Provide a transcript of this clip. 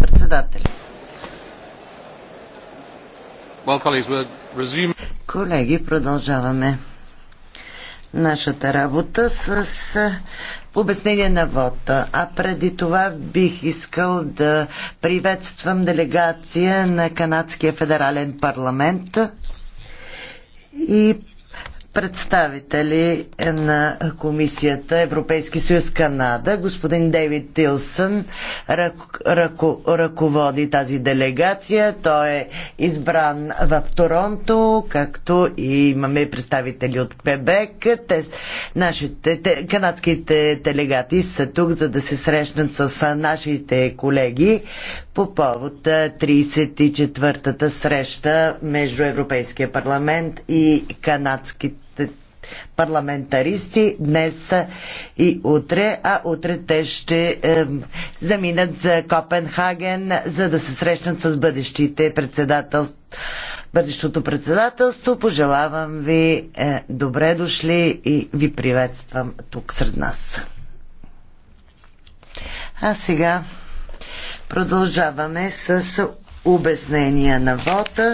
Председател. Колеги, продължаваме нашата работа с обяснение на вода. А преди това бих искал да приветствам делегация на Канадския федерален парламент и представители на Комисията Европейски съюз Канада. Господин Дейвид Тилсън ръко, ръководи тази делегация. Той е избран в Торонто, както и имаме представители от Квебек. Те, нашите, те, канадските делегати са тук, за да се срещнат с нашите колеги по повод 34-та среща между Европейския парламент и канадските парламентаристи днес и утре, а утре те ще е, заминат за Копенхаген, за да се срещнат с бъдещите председател... бъдещото председателство. Пожелавам ви е, добре дошли и ви приветствам тук сред нас. А сега продължаваме с обяснения на вота.